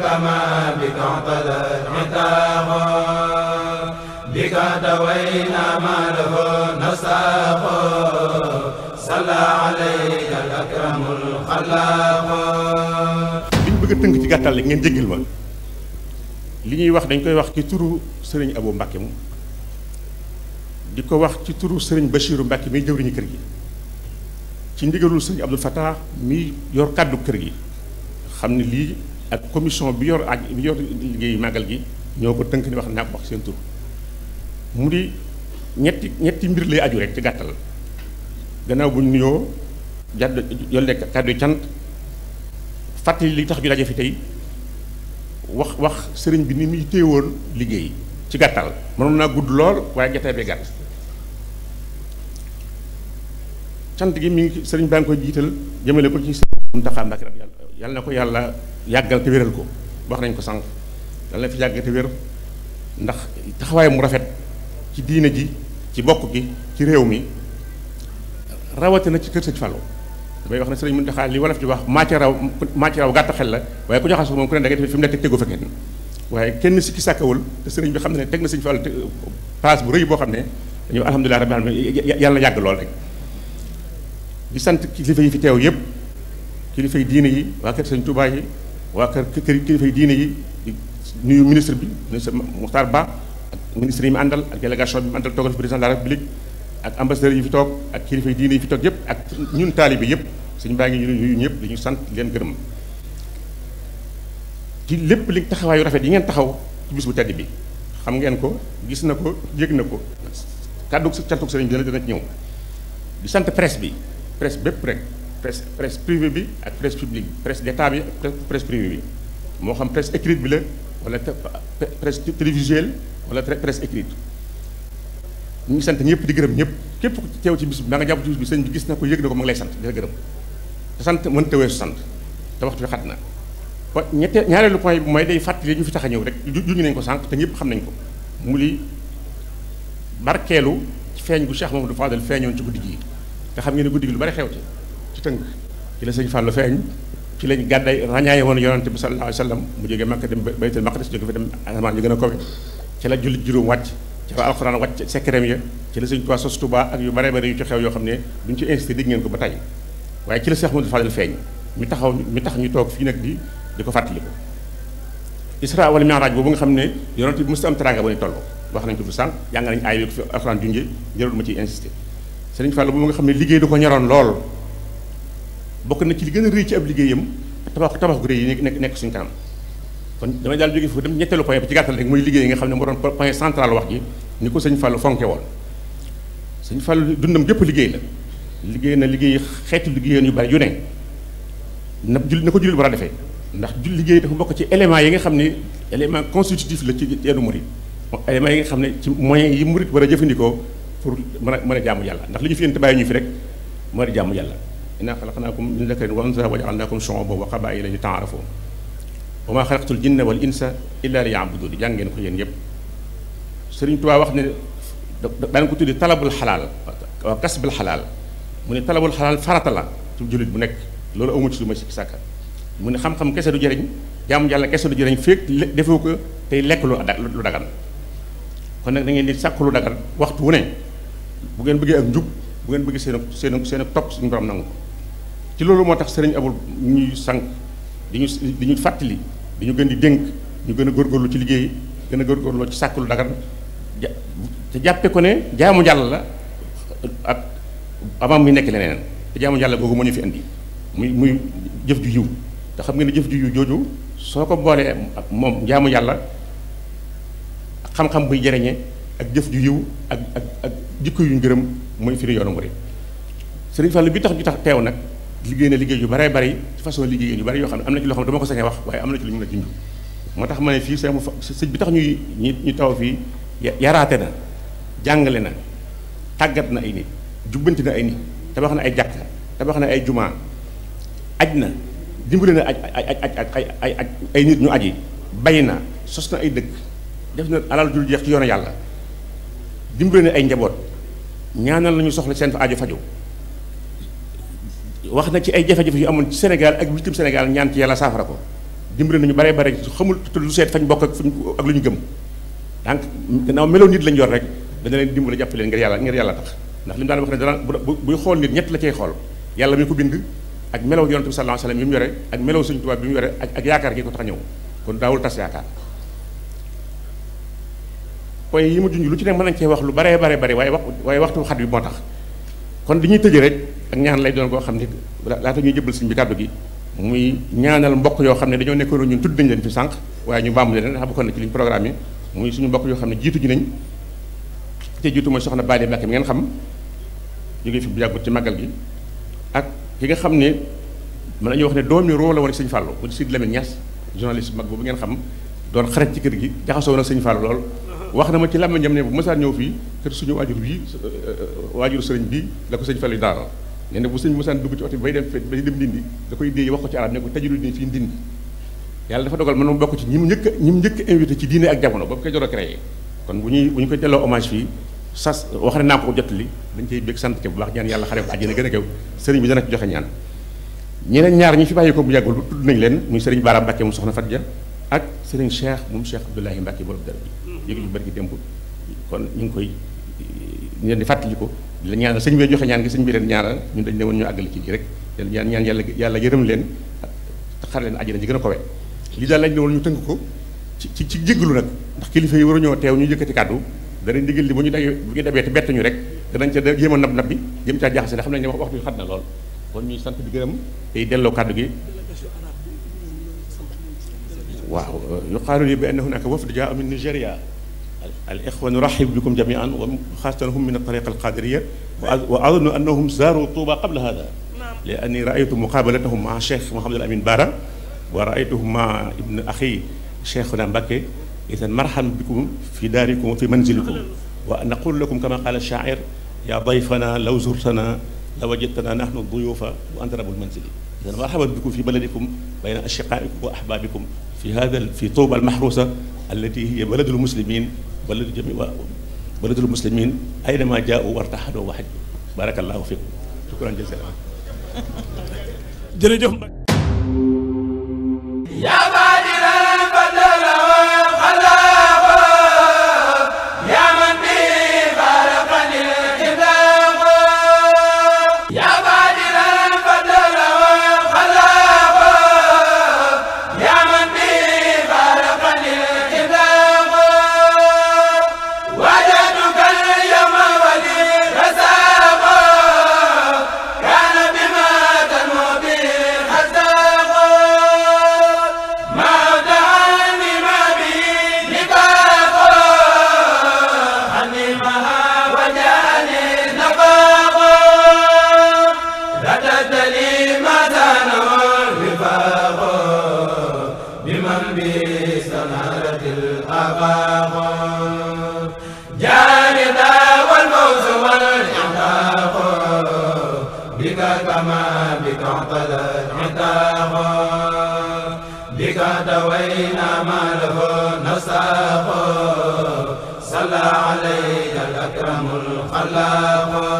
كما بك اعتدت عتاقا بك دوينا ما له نساقا صلى عليك الأكرم الخلاق li ñu bëgg tënk ci gàttal rek ngeen jéggal ma li ñuy wax dañ koy wax ci turu sëriñ Abou Mbacke mu di ko wax ci turu sëriñ Bachirou Mbacke miy jëwriñu kër gi ci ndigalul sëriñ Abdoul Fattah mi yor kàddu kër gi xam ne lii ak commission bi yor ak bi yor liggéey màggal gi ñoo ko tënk ni wax naa ko wax seen tur mu di ñetti ñetti mbir lay aju rek ci gàttal gannaaw bu ñu nuyoo jàdd yolle kàddu cant fàttali li tax ñu daje fi tey wax wax sëriñ bi ni muy téewoon liggéey ci gàttal mënoon naa gudd lool waaye jataay bee gàtt cant gi mi ngi sëriñ baa ngi koy jiital jëmale ko ci Muntaxa Mbàkke rab yàlla na ko yàlla yàggal te wéral ko wax nañ ko sànq yàlla na fi yàggal te wér ndax taxawaay mu rafet ci diine ji ci bokk gi ci réew mi rawatina ci kër sëñ Fallou damay wax ne sëriñ Muntaxa li wolof di wax maa ci raw maa ci raw gàtt xel la waaye ku jaxasoo moom ku ne da ngay def fi mu nekk tegu fa kenn waaye kenn sikki sàkkawul te sëriñ bi xam ne teg na sëñ te paas bu rëy boo xam ne dañu alhamdulilah rabbil alamin yàlla yàgg lool rek di sant kilifa yi fi teew yëpp kilifay diine yi waa kër sëñ Touba yi waa kër kër kilifay diine yi di nuyu ministre bi ministre Mokhtar Ba ak ministre yi mu àndal ak délégation bi mu àndal toogal fi président de la république ak ambassadeur yi fi toog ak kilifay diine yi fi toog yëpp ak ñun taalibe yëpp suñu baa ngi ñu nuyu ñëpp li ñu sant leen gërëm ci lépp li taxawaayu rafet yi ngeen taxaw ci bis bu tedd bi xam ngeen ko gis na ko yëg na ko kàddu cantuk sëriñ bi dana dana ñëw di sant presse bi presse bépp rek presse presse privée bi ak presse publique presse d'état bi ak presse privée bi moo xam presse écrite bi la wala presse télévisuelle wala presse écrite ñu ngi sant ñëpp di gërëm ñëpp képp ku teew ci bis bi daa nga jàpp bi sëñ bi gis na ko yëg na ko ma ngi lay sant di la gërëm te sant mënta weesu sant te waxtu bi xat na kon ñette ñaareelu point bi mooy day fàttali ñu fi tax ñëw rek juñu nañ ko sànq te ñëpp xam nañ ko mu li barkeelu feeñ gu Cheikh Mamadou Fadel feeñoon ci guddi gi te xam ngeen ne guddi gi lu bari xew ci ci tënk ci la sëñ Fallou feeñ ci lañ gàdday ràññaaye woon yonante bi sallallahu wa sallam mu jógee Makka dem Baytul Maqdis jóge fa dem a kawe ci la jullit juróom wàcc ci la alxuraan wàcc ak yu bare bare yu yoo xam ne duñ ci insisté dégg ko ba tey waaye ci la Cheikh Modou taxaw mi tax ñu toog fii nag di di ko fàttaliku Isra wala Mi'raj boobu nga xam ne yonante bi mësta am teraanga bu ne wax nañ ko fi sànq jàng nañ aay wi ko fi alxuraan ma ciy insisté sëriñ Fallou boobu nga xam ne liggéey du ko ñoroon lool bokk na ci li gën a rëy ci ab liggéeyam tabax tabax gu rëy yi nekk nekk suñu kanam kon damay daal jóge foofu dem ñetteelu point bi ci gàttal rek mooy liggéey nga xam ne moo doon point central wax ji ni ko sëñ fal fonke woon sëñ Fallou dundam gépp liggéey la liggéey na liggéey xeetu liggéeyoon yu bari yu ne na jul na ko jullit war a defee ndax jul liggéey dafa bokk ci élément yi nga xam ne élément constitutif la ci yoonu murit élément yi nga xam ne ci moyens yi murit war a jëfandikoo pour mën a mën a jaamu yàlla ndax li ñu fi yéen ñu fi rek mën a jaamu yàlla innaa xalaqnaakum min dakarin wa unsaa wa jaalnaakum shuuban wa qabaa'ila li taarafu wa maa xalaqtul jinna wal insa illaa liya'buduun jàng ngeen ko yéen yëpp Sëriñ Tuubaa wax ne daan ko tuddi talabul xalaal waaw kasbul xalaal mu ne talabul xalaal farata la jullit bu nekk loolu amu ci lu ma ci sàkka mu ne xam-xam kese du jëriñ jaamu yàlla kese du jëriñ fekk defoo ko tey lekk lu lu dagan kon nag da ngeen di sàkk lu dagan waxtu wu ne bu ngeen bëggee ak njub bu ngeen bëggee seen seen seen topp suñu borom nangu ci loolu moo tax sëriñ abul ñuy sànq di ñu di ñu fàttali di ñu gën di dénk ñu gën a góorgóorlu ci liggéey gën a góorgóorlu ci sàkk lu dagan te jàppe ko ne jaamu yàlla la ak avant muy nekk leneen te jaamu yàlla googu moo ñu fi indi muy muy jëf ju yiw te xam nga ne jëf ju yiw jooju soo ko boolee ak moom jaamu yàlla xam-xam buy jariñe ak jëf ju yiw ak ak ak jikko yu ñu gërëm mooy firi yoonu murid Sëriñ Fallu bi tax ju tax teew nag liggéey na liggéey yu baree bari façon liggéey yu bari yoo xam ne am na ci loo xam ne dama ko sañee wax waaye am na ci lu ñu la junj moo tax ma ne fii sëñ sëñ bi ñu taw fii yaraate na jàngale na tàggat na ay nit jubbanti na ay nit tabax na ay jàkk tabax na ay jumaa aj na dimbale na aj aj aj ay nit ñu aji bay na sos na ay dëkk def na alal jul jeex ci yoonu yàlla dimbale na ay njaboot ñaanal nañu soxla seen ajo fajo wax na ci ay jafe-jafe yu amoon ci Sénégal ak bitim Sénégal ñaan ci yàlla saafara ko dimbali nañu bare bare xamul lu seet fañ bokk ak fuñ lu ñu gëm donc gannaaw meloo nit lañ yor rek dana leen dimbali jàppale ngir yàlla ngir yàlla ndax li wax ne dana buy xool nit la cay xool yàlla mi ko bind ak melaw yonent bi sallallahu alayhi wasallam bi mu yore ak melaw Sëriñ Tuubaa bi mu yore ak ak yaakaar gi ko tax ñëw kon daawul tas yaakaar point yi mu junj lu ci ne mën nañ cee wax lu bare bare bare waaye wax waaye waxtu xat bi moo tax kon li ñuy tëjee rek ak ñaan lay doon koo xam ne laata ñuy jëbal suñ bi kàddu gi muy ñaanal mbokk yoo xam ne dañoo nekkoon ñun tudd nañ leen fi sànq waaye ñu bàmbu leen ndax bokkoon na ci liñ programme yi muy suñu mbokk yoo xam ne te jiitu mooy soxna Bally Mbacké mi ngeen xam jógee fi bu yàggut ci màggal gi ak ki nga xam ne mën nañu wax ne doomi roo la woon sëñ Fallou bu Sidi Lamine Niass journaliste mag boobu ngeen xam doon xarit ci kër gi jaxasoo na sëñ Fallou lool wax na ma ci làmmiñam ne bu saa ñëw fii kër suñu waajur bii waajuru sëriñ bi la ko sëñ Fallou daanal nee na bu sëñ mosaan dugg ci oto bi bay dem fet bay dem ndindi da koy déey wax ko ci bokk ci ñi mu njëkk ñi njëkk invité ci diine ak jamono ba mu koy door bu ñuy bu ñu koy delloo hommage sas wax ne naa ko jottali dañ cay bég sant bu baax ñaan yàlla xare ko àjjana gën a kaw sëriñ bi joxe ñaan ñeneen ñaar ñi fi bàyyi bu yàggul tudd nañ leen muy sëriñ Baara Mbacke mu soxna Fatja ak sëriñ Cheikh moom Cheikh Abdoulahi Mbacke borom dara bi yëg ñu bari démb kon ñu ngi koy ñu leen di fàttali ko di la ñaanal sëñ bi joxe ñaan gi sëñ bi leen ñaanal ñun dañ ne woon ñu àggali ci lii rek leen ñaan ñaan yàlla yàlla yërëm leen xar leen àjjana ji gën a kowe lii daal lañ ne woon ñu tënk ko ci ci ci jéggalu nag ndax kilifa yi waruñoo teew ñu yëkkati kàddu danañ digal li bu ñu ñu dabee te bett ñu rek dañ ca jéem a nab nab bi jéem caa jaaxase ne xam nañ ne waxtu bi xat na lool kon ñuy sant di gërëm tey delloo kàddu gi waaw yuqaalu li bi anna hunaka wafd jaa min Nigéria al ixwa nurahibu bikum jamian wa xaasatan hum min atariqa alqadiriya wa adunnu annahum zaaru tuuba qabla hada li anni raaytu muqaabalatahum maa cheikh Mouhamed El Amin Baara wa raaytuhum maa ibn axi cheikhuna Mbakke idan marhaban bikum fi daarikum wa fi manzilikum wa naqulu lakum kama qaala shaair yaa dayfanaa law zurtanaa lawajadtanaa nahnu duyuufa wa anta rabbul manzili idan marhaban bikum fi baladikum bayna ashqaa'ikum wa ahbaabikum fi haadha fi tuuba almahruusa allatii hiya baladul muslimiin balligh jami wa balligh muslimin aynama jaa'u wartahadu wa hajju barakallahu fikum shukran jazilan jërëjëf بك كما بك اعتدى عتاقا بك دوينا ما له نساق صلى عليك الأكرم الخلاق